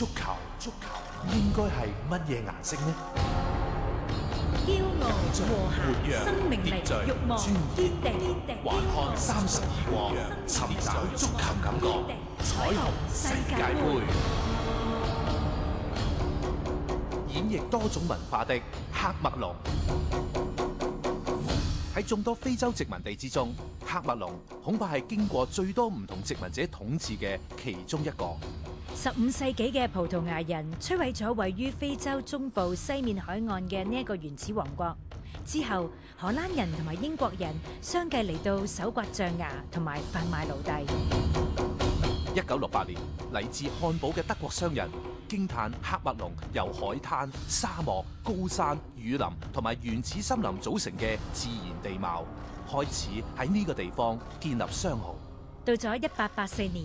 足球，足球應該係乜嘢顏色呢？驕傲、和諧、生命力、慾望、堅定、頑強、三十二國，尋找足球感覺，彩虹世界杯，演繹多種文化的喀麥隆。喺眾多非洲殖民地之中，喀麥隆恐怕係經過最多唔同殖民者統治嘅其中一個。十五世紀嘅葡萄牙人摧毀咗位於非洲中部西面海岸嘅呢一個原始王國，之後荷蘭人同埋英國人相繼嚟到搜括象牙同埋販賣奴隸。一九六八年，嚟自漢堡嘅德國商人驚歎喀麥隆由海灘、沙漠、高山、雨林同埋原始森林組成嘅自然地貌，開始喺呢個地方建立商號。到咗一八八四年，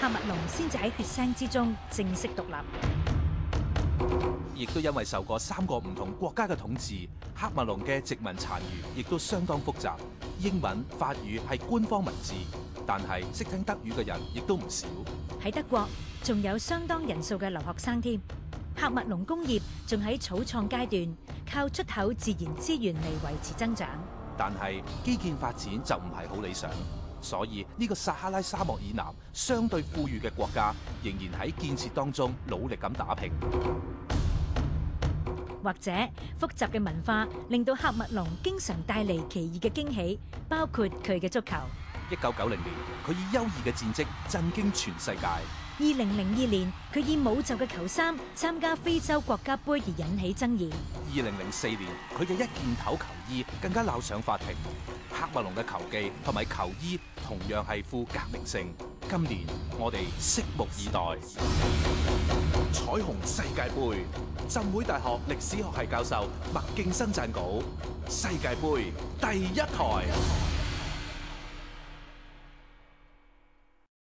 喀麥隆先至喺血腥之中正式獨立，亦都因為受過三個唔同國家嘅統治，喀麥隆嘅殖民殘餘亦都相當複雜。英文、法語係官方文字，但係識聽德語嘅人亦都唔少。喺德國仲有相當人數嘅留學生添。喀麥隆工業仲喺草創階段，靠出口自然資源嚟維持增長，但係基建發展就唔係好理想。所以呢，這個撒哈拉沙漠以南相對富裕嘅國家，仍然喺建設當中，努力咁打拼。或者複雜嘅文化令到喀麥隆經常帶嚟奇異嘅驚喜，包括佢嘅足球。一九九零年，佢以優異嘅戰績震驚全世界。二零零二年，佢以無袖嘅球衫參加非洲國家杯而引起爭議。二零零四年，佢嘅一件頭球衣更加鬧上法庭。喀麥隆嘅球技同埋球衣同樣係富革命性。今年我哋拭目以待。彩虹世界杯，浸會大學歷史學系教授麥勁生撰稿。世界杯第一台。